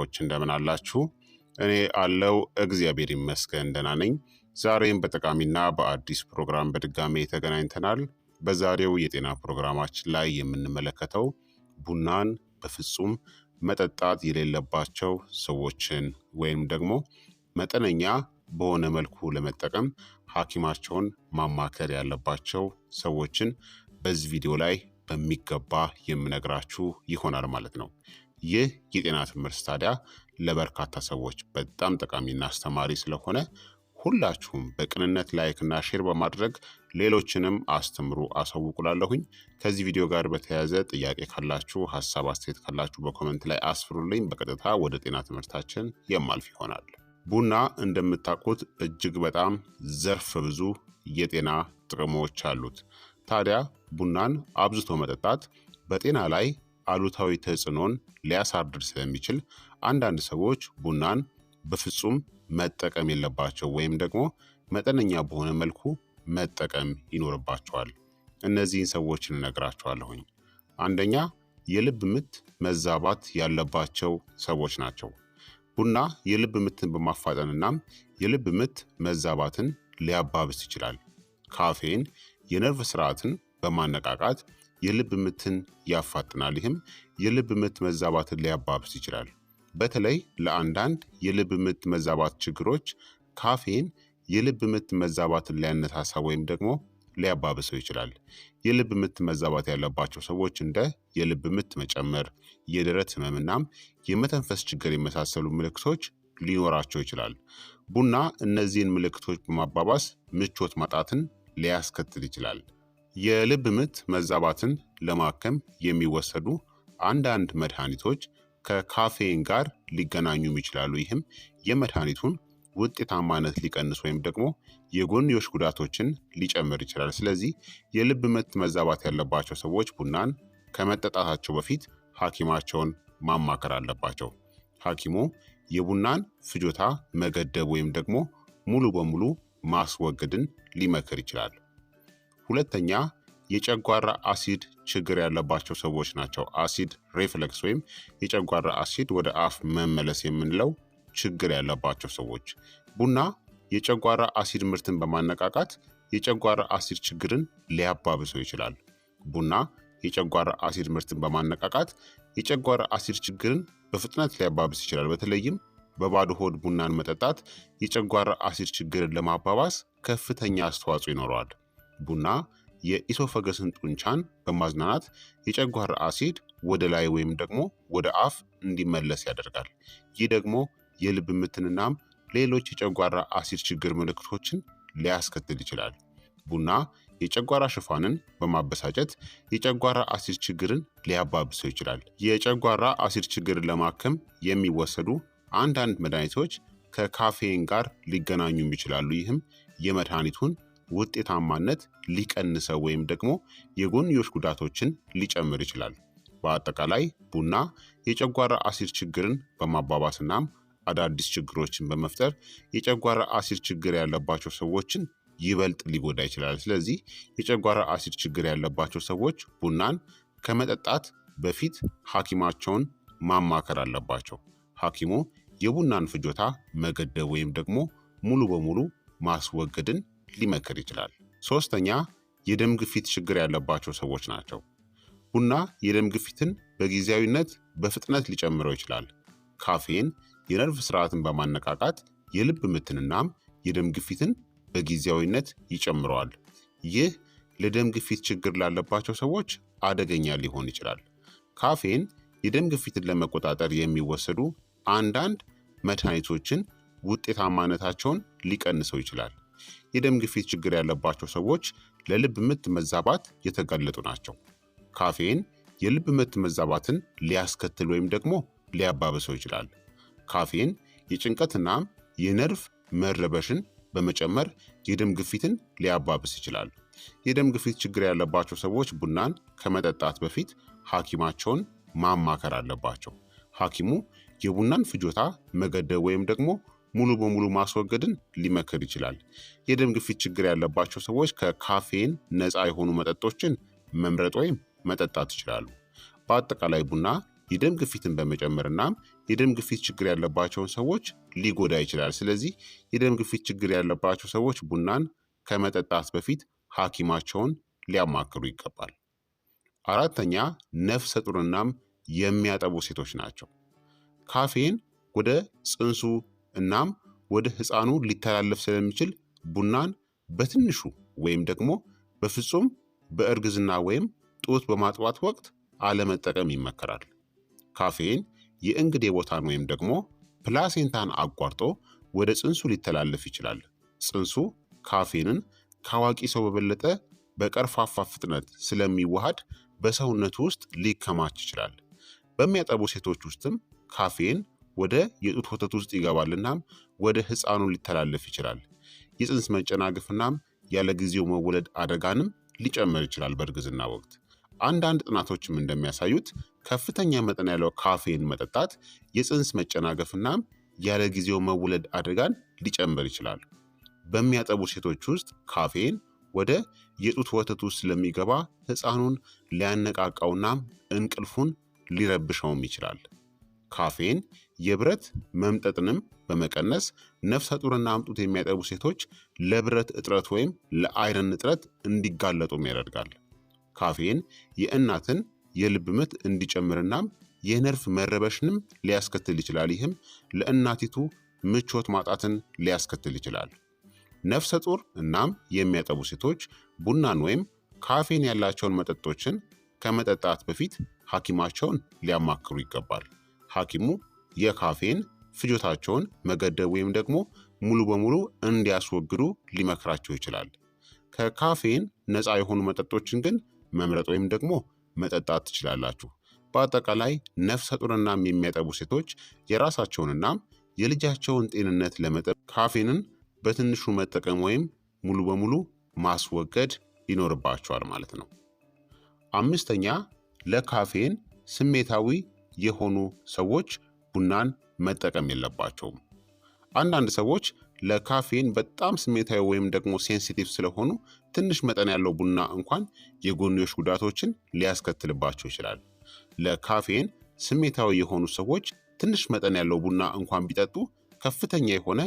ዎች እንደምን አላችሁ? እኔ አለው እግዚአብሔር ይመስገን ደህና ነኝ። ዛሬም በጠቃሚና በአዲስ ፕሮግራም በድጋሜ ተገናኝተናል። በዛሬው የጤና ፕሮግራማችን ላይ የምንመለከተው ቡናን በፍጹም መጠጣት የሌለባቸው ሰዎችን ወይም ደግሞ መጠነኛ በሆነ መልኩ ለመጠቀም ሐኪማቸውን ማማከር ያለባቸው ሰዎችን በዚህ ቪዲዮ ላይ በሚገባ የምነግራችሁ ይሆናል ማለት ነው። ይህ የጤና ትምህርት ታዲያ ለበርካታ ሰዎች በጣም ጠቃሚና አስተማሪ ስለሆነ ሁላችሁም በቅንነት ላይክና ሼር በማድረግ ሌሎችንም አስተምሩ አሳውቁላለሁኝ። ከዚህ ቪዲዮ ጋር በተያያዘ ጥያቄ ካላችሁ፣ ሀሳብ አስተያየት ካላችሁ በኮመንት ላይ አስፍሩልኝ። በቀጥታ ወደ ጤና ትምህርታችን የማልፍ ይሆናል። ቡና እንደምታውቁት እጅግ በጣም ዘርፍ ብዙ የጤና ጥቅሞች አሉት። ታዲያ ቡናን አብዝቶ መጠጣት በጤና ላይ አሉታዊ ተጽዕኖን ሊያሳድር ስለሚችል አንዳንድ ሰዎች ቡናን በፍጹም መጠቀም የለባቸው ወይም ደግሞ መጠነኛ በሆነ መልኩ መጠቀም ይኖርባቸዋል። እነዚህን ሰዎች እነግራቸዋለሁኝ። አንደኛ የልብ ምት መዛባት ያለባቸው ሰዎች ናቸው። ቡና የልብ ምትን በማፋጠን የልብ ምት መዛባትን ሊያባብስ ይችላል። ካፌን የነርቭ ስርዓትን በማነቃቃት የልብ ምትን ያፋጥናል። ይህም የልብ ምት መዛባትን ሊያባብስ ይችላል። በተለይ ለአንዳንድ የልብ ምት መዛባት ችግሮች ካፌን የልብ ምት መዛባትን ሊያነሳሳ ወይም ደግሞ ሊያባብሰው ይችላል። የልብ ምት መዛባት ያለባቸው ሰዎች እንደ የልብ ምት መጨመር፣ የደረት ህመምናም የመተንፈስ ችግር የመሳሰሉ ምልክቶች ሊኖራቸው ይችላል። ቡና እነዚህን ምልክቶች በማባባስ ምቾት ማጣትን ሊያስከትል ይችላል። የልብ ምት መዛባትን ለማከም የሚወሰዱ አንዳንድ መድኃኒቶች ከካፌን ጋር ሊገናኙም ይችላሉ። ይህም የመድኃኒቱን ውጤታማነት ሊቀንስ ወይም ደግሞ የጎንዮሽ ጉዳቶችን ሊጨምር ይችላል። ስለዚህ የልብ ምት መዛባት ያለባቸው ሰዎች ቡናን ከመጠጣታቸው በፊት ሐኪማቸውን ማማከር አለባቸው። ሐኪሙ የቡናን ፍጆታ መገደብ ወይም ደግሞ ሙሉ በሙሉ ማስወገድን ሊመክር ይችላል። ሁለተኛ የጨጓራ አሲድ ችግር ያለባቸው ሰዎች ናቸው። አሲድ ሬፍለክስ ወይም የጨጓራ አሲድ ወደ አፍ መመለስ የምንለው ችግር ያለባቸው ሰዎች። ቡና የጨጓራ አሲድ ምርትን በማነቃቃት የጨጓራ አሲድ ችግርን ሊያባብሰው ይችላል። ቡና የጨጓራ አሲድ ምርትን በማነቃቃት የጨጓራ አሲድ ችግርን በፍጥነት ሊያባብስ ይችላል። በተለይም በባዶ ሆድ ቡናን መጠጣት የጨጓራ አሲድ ችግርን ለማባባስ ከፍተኛ አስተዋጽኦ ይኖረዋል። ቡና የኢሶፈገስን ጡንቻን በማዝናናት የጨጓራ አሲድ ወደ ላይ ወይም ደግሞ ወደ አፍ እንዲመለስ ያደርጋል። ይህ ደግሞ የልብ ምትንናም ሌሎች የጨጓራ አሲድ ችግር ምልክቶችን ሊያስከትል ይችላል። ቡና የጨጓራ ሽፋንን በማበሳጨት የጨጓራ አሲድ ችግርን ሊያባብሰው ይችላል። የጨጓራ አሲድ ችግርን ለማከም የሚወሰዱ አንዳንድ መድኃኒቶች ከካፌን ጋር ሊገናኙም ይችላሉ። ይህም የመድኃኒቱን ውጤታማነት ሊቀንሰው ወይም ደግሞ የጎንዮሽ ጉዳቶችን ሊጨምር ይችላል። በአጠቃላይ ቡና የጨጓራ አሲድ ችግርን በማባባስናም አዳዲስ ችግሮችን በመፍጠር የጨጓራ አሲድ ችግር ያለባቸው ሰዎችን ይበልጥ ሊጎዳ ይችላል። ስለዚህ የጨጓራ አሲድ ችግር ያለባቸው ሰዎች ቡናን ከመጠጣት በፊት ሐኪማቸውን ማማከር አለባቸው። ሐኪሙ የቡናን ፍጆታ መገደብ ወይም ደግሞ ሙሉ በሙሉ ማስወገድን ሊመክር ይችላል። ሶስተኛ የደም ግፊት ችግር ያለባቸው ሰዎች ናቸው። ቡና የደም ግፊትን በጊዜያዊነት በፍጥነት ሊጨምረው ይችላል። ካፌን የነርቭ ስርዓትን በማነቃቃት የልብ ምትንናም የደም ግፊትን በጊዜያዊነት ይጨምረዋል። ይህ ለደም ግፊት ችግር ላለባቸው ሰዎች አደገኛ ሊሆን ይችላል። ካፌን የደም ግፊትን ለመቆጣጠር የሚወሰዱ አንዳንድ መድኃኒቶችን ውጤታማነታቸውን ሊቀንሰው ይችላል። የደም ግፊት ችግር ያለባቸው ሰዎች ለልብ ምት መዛባት የተጋለጡ ናቸው። ካፌን የልብ ምት መዛባትን ሊያስከትል ወይም ደግሞ ሊያባብሰው ይችላል። ካፌን የጭንቀትና የነርቭ መረበሽን በመጨመር የደም ግፊትን ሊያባብስ ይችላል። የደም ግፊት ችግር ያለባቸው ሰዎች ቡናን ከመጠጣት በፊት ሐኪማቸውን ማማከር አለባቸው። ሐኪሙ የቡናን ፍጆታ መገደብ ወይም ደግሞ ሙሉ በሙሉ ማስወገድን ሊመክር ይችላል። የደም ግፊት ችግር ያለባቸው ሰዎች ከካፌን ነፃ የሆኑ መጠጦችን መምረጥ ወይም መጠጣት ይችላሉ። በአጠቃላይ ቡና የደም ግፊትን በመጨመርና የደም ግፊት ችግር ያለባቸውን ሰዎች ሊጎዳ ይችላል። ስለዚህ የደም ግፊት ችግር ያለባቸው ሰዎች ቡናን ከመጠጣት በፊት ሐኪማቸውን ሊያማክሩ ይገባል። አራተኛ ነፍሰ ጡርናም የሚያጠቡ ሴቶች ናቸው። ካፌን ወደ ጽንሱ እናም ወደ ህፃኑ ሊተላለፍ ስለሚችል ቡናን በትንሹ ወይም ደግሞ በፍጹም በእርግዝና ወይም ጡት በማጥባት ወቅት አለመጠቀም ይመከራል። ካፌን የእንግዴ ቦታን ወይም ደግሞ ፕላሴንታን አቋርጦ ወደ ፅንሱ ሊተላለፍ ይችላል። ፅንሱ ካፌንን ከአዋቂ ሰው በበለጠ በቀርፋፋ ፍጥነት ስለሚዋሃድ በሰውነቱ ውስጥ ሊከማች ይችላል። በሚያጠቡ ሴቶች ውስጥም ካፌን ወደ የጡት ወተት ውስጥ ይገባል እናም ወደ ህፃኑ ሊተላለፍ ይችላል። የፅንስ መጨናገፍና ያለ ጊዜው መወለድ አደጋንም ሊጨምር ይችላል በእርግዝና ወቅት። አንዳንድ ጥናቶችም እንደሚያሳዩት ከፍተኛ መጠን ያለው ካፌን መጠጣት የፅንስ መጨናገፍና ያለ ጊዜው መወለድ አደጋን ሊጨምር ይችላል። በሚያጠቡ ሴቶች ውስጥ ካፌን ወደ የጡት ወተት ውስጥ ስለሚገባ ህፃኑን ሊያነቃቃውናም እንቅልፉን ሊረብሸውም ይችላል። ካፌን፣ የብረት መምጠጥንም በመቀነስ ነፍሰ ጡርና አምጡት የሚያጠቡ ሴቶች ለብረት እጥረት ወይም ለአይረን እጥረት እንዲጋለጡም ያደርጋል። ካፌን የእናትን የልብ ምት እንዲጨምርናም የነርፍ መረበሽንም ሊያስከትል ይችላል። ይህም ለእናቲቱ ምቾት ማጣትን ሊያስከትል ይችላል። ነፍሰ ጡር እናም የሚያጠቡ ሴቶች ቡናን ወይም ካፌን ያላቸውን መጠጦችን ከመጠጣት በፊት ሐኪማቸውን ሊያማክሩ ይገባል። ሐኪሙ የካፌን ፍጆታቸውን መገደብ ወይም ደግሞ ሙሉ በሙሉ እንዲያስወግዱ ሊመክራቸው ይችላል። ከካፌን ነፃ የሆኑ መጠጦችን ግን መምረጥ ወይም ደግሞ መጠጣት ትችላላችሁ። በአጠቃላይ ነፍሰ ጡርናም የሚያጠቡ ሴቶች የራሳቸውንና የልጃቸውን ጤንነት ለመጠበቅ ካፌንን በትንሹ መጠቀም ወይም ሙሉ በሙሉ ማስወገድ ይኖርባቸዋል ማለት ነው። አምስተኛ ለካፌን ስሜታዊ የሆኑ ሰዎች ቡናን መጠቀም የለባቸውም። አንዳንድ ሰዎች ለካፌን በጣም ስሜታዊ ወይም ደግሞ ሴንሲቲቭ ስለሆኑ ትንሽ መጠን ያለው ቡና እንኳን የጎንዮሽ ጉዳቶችን ሊያስከትልባቸው ይችላል። ለካፌን ስሜታዊ የሆኑ ሰዎች ትንሽ መጠን ያለው ቡና እንኳን ቢጠጡ ከፍተኛ የሆነ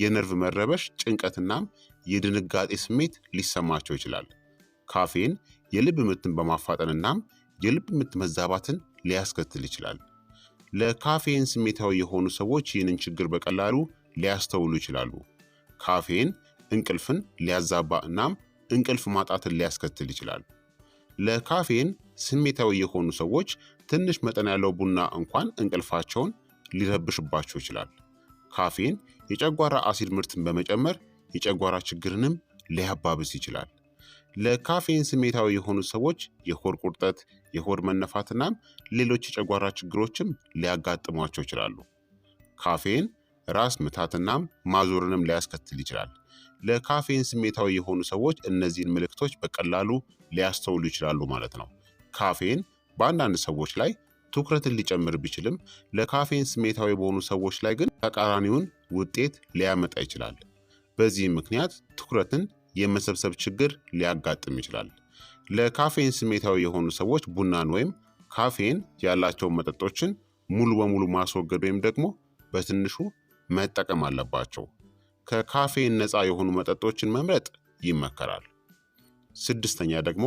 የነርቭ መረበሽ፣ ጭንቀትናም የድንጋጤ ስሜት ሊሰማቸው ይችላል። ካፌን የልብ ምትን በማፋጠንናም የልብ ምት መዛባትን ሊያስከትል ይችላል። ለካፌን ስሜታዊ የሆኑ ሰዎች ይህንን ችግር በቀላሉ ሊያስተውሉ ይችላሉ። ካፌን እንቅልፍን ሊያዛባ እናም እንቅልፍ ማጣትን ሊያስከትል ይችላል። ለካፌን ስሜታዊ የሆኑ ሰዎች ትንሽ መጠን ያለው ቡና እንኳን እንቅልፋቸውን ሊረብሽባቸው ይችላል። ካፌን የጨጓራ አሲድ ምርትን በመጨመር የጨጓራ ችግርንም ሊያባብስ ይችላል። ለካፌን ስሜታዊ የሆኑ ሰዎች የሆድ ቁርጠት፣ የሆድ መነፋትናም ሌሎች የጨጓራ ችግሮችም ሊያጋጥሟቸው ይችላሉ። ካፌን ራስ ምታትናም ማዞርንም ሊያስከትል ይችላል። ለካፌን ስሜታዊ የሆኑ ሰዎች እነዚህን ምልክቶች በቀላሉ ሊያስተውሉ ይችላሉ ማለት ነው። ካፌን በአንዳንድ ሰዎች ላይ ትኩረትን ሊጨምር ቢችልም ለካፌን ስሜታዊ በሆኑ ሰዎች ላይ ግን ተቃራኒውን ውጤት ሊያመጣ ይችላል። በዚህም ምክንያት ትኩረትን የመሰብሰብ ችግር ሊያጋጥም ይችላል። ለካፌን ስሜታዊ የሆኑ ሰዎች ቡናን ወይም ካፌን ያላቸውን መጠጦችን ሙሉ በሙሉ ማስወገድ ወይም ደግሞ በትንሹ መጠቀም አለባቸው። ከካፌን ነፃ የሆኑ መጠጦችን መምረጥ ይመከራል። ስድስተኛ ደግሞ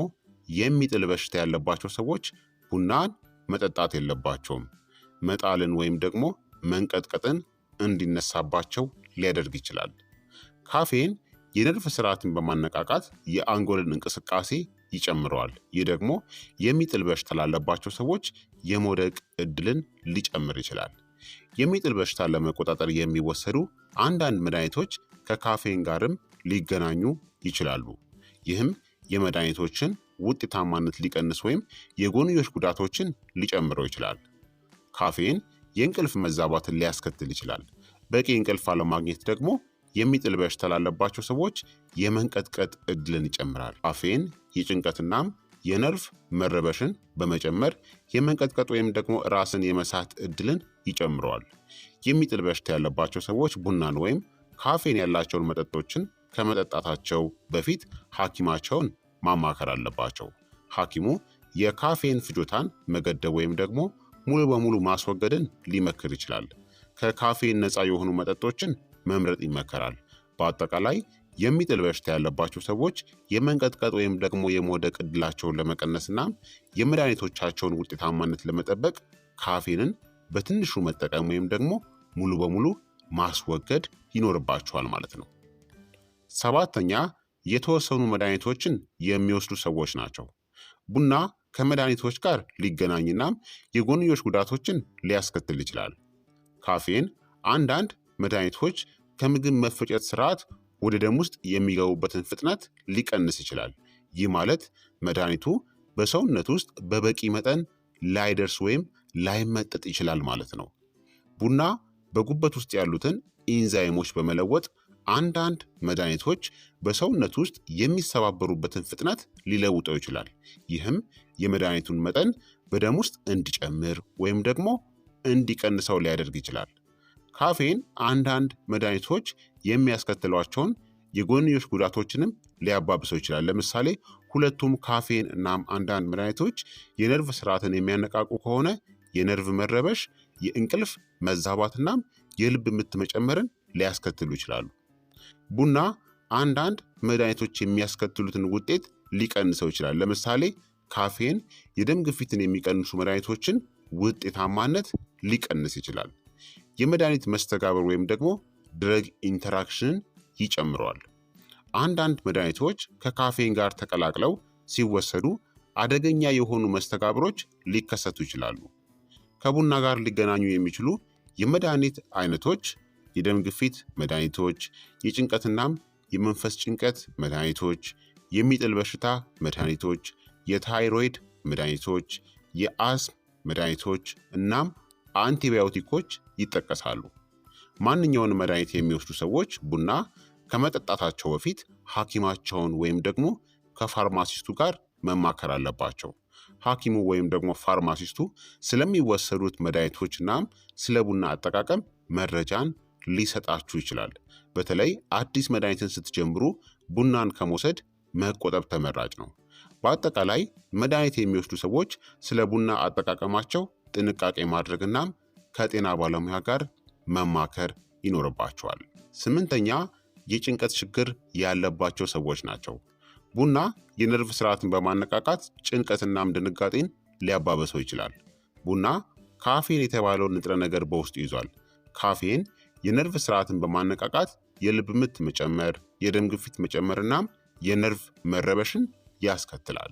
የሚጥል በሽታ ያለባቸው ሰዎች ቡናን መጠጣት የለባቸውም። መጣልን ወይም ደግሞ መንቀጥቀጥን እንዲነሳባቸው ሊያደርግ ይችላል። ካፌን የነርቭ ስርዓትን በማነቃቃት የአንጎልን እንቅስቃሴ ይጨምረዋል። ይህ ደግሞ የሚጥል በሽታ ላለባቸው ሰዎች የመውደቅ እድልን ሊጨምር ይችላል። የሚጥል በሽታ ለመቆጣጠር የሚወሰዱ አንዳንድ መድኃኒቶች ከካፌን ጋርም ሊገናኙ ይችላሉ። ይህም የመድኃኒቶችን ውጤታማነት ሊቀንስ ወይም የጎንዮሽ ጉዳቶችን ሊጨምረው ይችላል። ካፌን የእንቅልፍ መዛባትን ሊያስከትል ይችላል። በቂ እንቅልፍ አለማግኘት ደግሞ የሚጥል በሽታ ላለባቸው ሰዎች የመንቀጥቀጥ እድልን ይጨምራል። አፌን የጭንቀትናም የነርቭ መረበሽን በመጨመር የመንቀጥቀጥ ወይም ደግሞ ራስን የመሳት እድልን ይጨምረዋል። የሚጥል በሽታ ያለባቸው ሰዎች ቡናን ወይም ካፌን ያላቸውን መጠጦችን ከመጠጣታቸው በፊት ሐኪማቸውን ማማከር አለባቸው። ሐኪሙ የካፌን ፍጆታን መገደብ ወይም ደግሞ ሙሉ በሙሉ ማስወገድን ሊመክር ይችላል። ከካፌን ነፃ የሆኑ መጠጦችን መምረጥ ይመከራል። በአጠቃላይ የሚጥል በሽታ ያለባቸው ሰዎች የመንቀጥቀጥ ወይም ደግሞ የመውደቅ ዕድላቸውን ለመቀነስና የመድኃኒቶቻቸውን ውጤታማነት ለመጠበቅ ካፌንን በትንሹ መጠቀም ወይም ደግሞ ሙሉ በሙሉ ማስወገድ ይኖርባቸዋል ማለት ነው። ሰባተኛ የተወሰኑ መድኃኒቶችን የሚወስዱ ሰዎች ናቸው። ቡና ከመድኃኒቶች ጋር ሊገናኝናም የጎንዮሽ ጉዳቶችን ሊያስከትል ይችላል። ካፌን አንዳንድ መድኃኒቶች ከምግብ መፈጨት ስርዓት ወደ ደም ውስጥ የሚገቡበትን ፍጥነት ሊቀንስ ይችላል። ይህ ማለት መድኃኒቱ በሰውነት ውስጥ በበቂ መጠን ላይደርስ ወይም ላይመጠጥ ይችላል ማለት ነው። ቡና በጉበት ውስጥ ያሉትን ኢንዛይሞች በመለወጥ አንዳንድ መድኃኒቶች በሰውነት ውስጥ የሚሰባበሩበትን ፍጥነት ሊለውጠው ይችላል። ይህም የመድኃኒቱን መጠን በደም ውስጥ እንዲጨምር ወይም ደግሞ እንዲቀንሰው ሊያደርግ ይችላል። ካፌን አንዳንድ መድኃኒቶች የሚያስከትሏቸውን የጎንዮሽ ጉዳቶችንም ሊያባብሰው ይችላል። ለምሳሌ ሁለቱም ካፌን እናም አንዳንድ መድኃኒቶች የነርቭ ስርዓትን የሚያነቃቁ ከሆነ የነርቭ መረበሽ፣ የእንቅልፍ መዛባትናም የልብ ምት መጨመርን ሊያስከትሉ ይችላሉ። ቡና አንዳንድ መድኃኒቶች የሚያስከትሉትን ውጤት ሊቀንሰው ይችላል። ለምሳሌ ካፌን የደም ግፊትን የሚቀንሱ መድኃኒቶችን ውጤታማነት ሊቀንስ ይችላል። የመድኃኒት መስተጋብር ወይም ደግሞ ድረግ ኢንተራክሽንን ይጨምረዋል። አንዳንድ መድኃኒቶች ከካፌን ጋር ተቀላቅለው ሲወሰዱ አደገኛ የሆኑ መስተጋብሮች ሊከሰቱ ይችላሉ። ከቡና ጋር ሊገናኙ የሚችሉ የመድኃኒት አይነቶች የደም ግፊት መድኃኒቶች፣ የጭንቀትናም የመንፈስ ጭንቀት መድኃኒቶች፣ የሚጥል በሽታ መድኃኒቶች፣ የታይሮይድ መድኃኒቶች፣ የአስም መድኃኒቶች እናም አንቲባዮቲኮች ይጠቀሳሉ። ማንኛውን መድኃኒት የሚወስዱ ሰዎች ቡና ከመጠጣታቸው በፊት ሐኪማቸውን ወይም ደግሞ ከፋርማሲስቱ ጋር መማከር አለባቸው። ሐኪሙ ወይም ደግሞ ፋርማሲስቱ ስለሚወሰዱት መድኃኒቶች እናም ስለ ቡና አጠቃቀም መረጃን ሊሰጣችሁ ይችላል። በተለይ አዲስ መድኃኒትን ስትጀምሩ ቡናን ከመውሰድ መቆጠብ ተመራጭ ነው። በአጠቃላይ መድኃኒት የሚወስዱ ሰዎች ስለ ቡና አጠቃቀማቸው ጥንቃቄ ማድረግና ከጤና ባለሙያ ጋር መማከር ይኖርባቸዋል። ስምንተኛ የጭንቀት ችግር ያለባቸው ሰዎች ናቸው። ቡና የነርቭ ስርዓትን በማነቃቃት ጭንቀትናም ድንጋጤን ሊያባበሰው ይችላል። ቡና ካፌን የተባለውን ንጥረ ነገር በውስጡ ይዟል። ካፌን የነርቭ ስርዓትን በማነቃቃት የልብ ምት መጨመር፣ የደም ግፊት መጨመርናም የነርቭ መረበሽን ያስከትላል።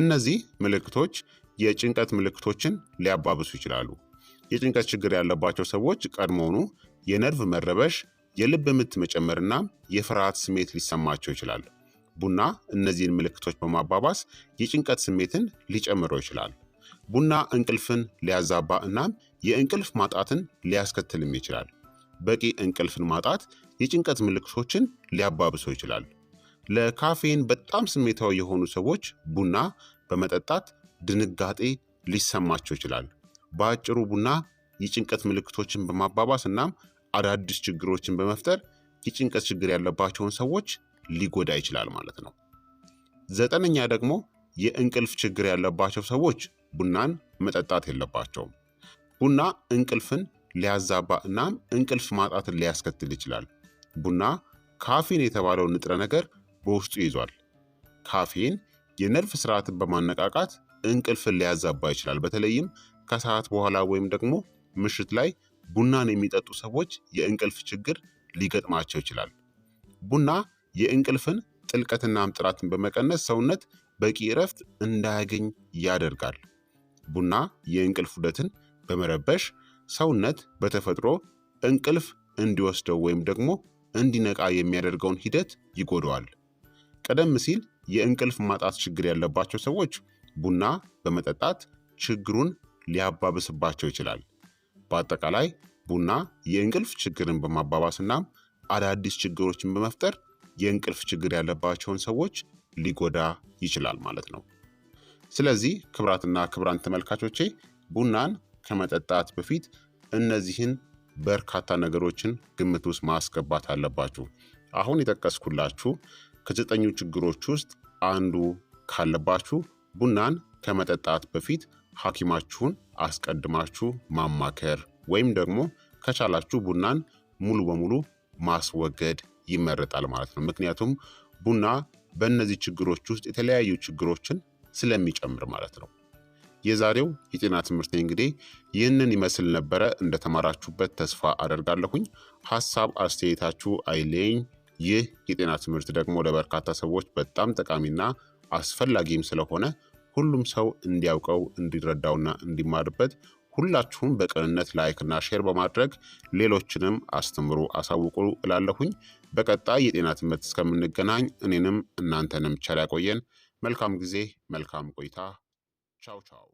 እነዚህ ምልክቶች የጭንቀት ምልክቶችን ሊያባብሱ ይችላሉ። የጭንቀት ችግር ያለባቸው ሰዎች ቀድሞውኑ የነርቭ መረበሽ፣ የልብ ምት መጨመርና የፍርሃት ስሜት ሊሰማቸው ይችላል። ቡና እነዚህን ምልክቶች በማባባስ የጭንቀት ስሜትን ሊጨምረው ይችላል። ቡና እንቅልፍን ሊያዛባ እናም የእንቅልፍ ማጣትን ሊያስከትልም ይችላል። በቂ እንቅልፍን ማጣት የጭንቀት ምልክቶችን ሊያባብሰው ይችላል። ለካፌን በጣም ስሜታዊ የሆኑ ሰዎች ቡና በመጠጣት ድንጋጤ ሊሰማቸው ይችላል። በአጭሩ ቡና የጭንቀት ምልክቶችን በማባባስ እናም አዳዲስ ችግሮችን በመፍጠር የጭንቀት ችግር ያለባቸውን ሰዎች ሊጎዳ ይችላል ማለት ነው። ዘጠነኛ ደግሞ የእንቅልፍ ችግር ያለባቸው ሰዎች ቡናን መጠጣት የለባቸውም። ቡና እንቅልፍን ሊያዛባ እናም እንቅልፍ ማጣትን ሊያስከትል ይችላል። ቡና ካፌን የተባለውን ንጥረ ነገር በውስጡ ይዟል። ካፌን የነርቭ ስርዓትን በማነቃቃት እንቅልፍን ሊያዛባ ይችላል። በተለይም ከሰዓት በኋላ ወይም ደግሞ ምሽት ላይ ቡናን የሚጠጡ ሰዎች የእንቅልፍ ችግር ሊገጥማቸው ይችላል። ቡና የእንቅልፍን ጥልቀትና ምጥራትን በመቀነስ ሰውነት በቂ እረፍት እንዳያገኝ ያደርጋል። ቡና የእንቅልፍ ውደትን በመረበሽ ሰውነት በተፈጥሮ እንቅልፍ እንዲወስደው ወይም ደግሞ እንዲነቃ የሚያደርገውን ሂደት ይጎደዋል። ቀደም ሲል የእንቅልፍ ማጣት ችግር ያለባቸው ሰዎች ቡና በመጠጣት ችግሩን ሊያባብስባቸው ይችላል። በአጠቃላይ ቡና የእንቅልፍ ችግርን በማባባስና አዳዲስ ችግሮችን በመፍጠር የእንቅልፍ ችግር ያለባቸውን ሰዎች ሊጎዳ ይችላል ማለት ነው። ስለዚህ ክብራትና ክብራን ተመልካቾቼ ቡናን ከመጠጣት በፊት እነዚህን በርካታ ነገሮችን ግምት ውስጥ ማስገባት አለባችሁ። አሁን የጠቀስኩላችሁ ከዘጠኙ ችግሮች ውስጥ አንዱ ካለባችሁ ቡናን ከመጠጣት በፊት ሐኪማችሁን አስቀድማችሁ ማማከር ወይም ደግሞ ከቻላችሁ ቡናን ሙሉ በሙሉ ማስወገድ ይመረጣል ማለት ነው። ምክንያቱም ቡና በእነዚህ ችግሮች ውስጥ የተለያዩ ችግሮችን ስለሚጨምር ማለት ነው። የዛሬው የጤና ትምህርት እንግዲህ ይህንን ይመስል ነበረ። እንደተማራችሁበት ተስፋ አደርጋለሁኝ። ሀሳብ አስተያየታችሁ አይለየኝ። ይህ የጤና ትምህርት ደግሞ ለበርካታ ሰዎች በጣም ጠቃሚና አስፈላጊም ስለሆነ ሁሉም ሰው እንዲያውቀው እንዲረዳውና እንዲማርበት ሁላችሁም በቅንነት ላይክና ሼር በማድረግ ሌሎችንም አስተምሩ፣ አሳውቁ እላለሁኝ። በቀጣይ የጤና ትምህርት እስከምንገናኝ እኔንም እናንተንም ቸር ያቆየን። መልካም ጊዜ፣ መልካም ቆይታ። ቻው ቻው።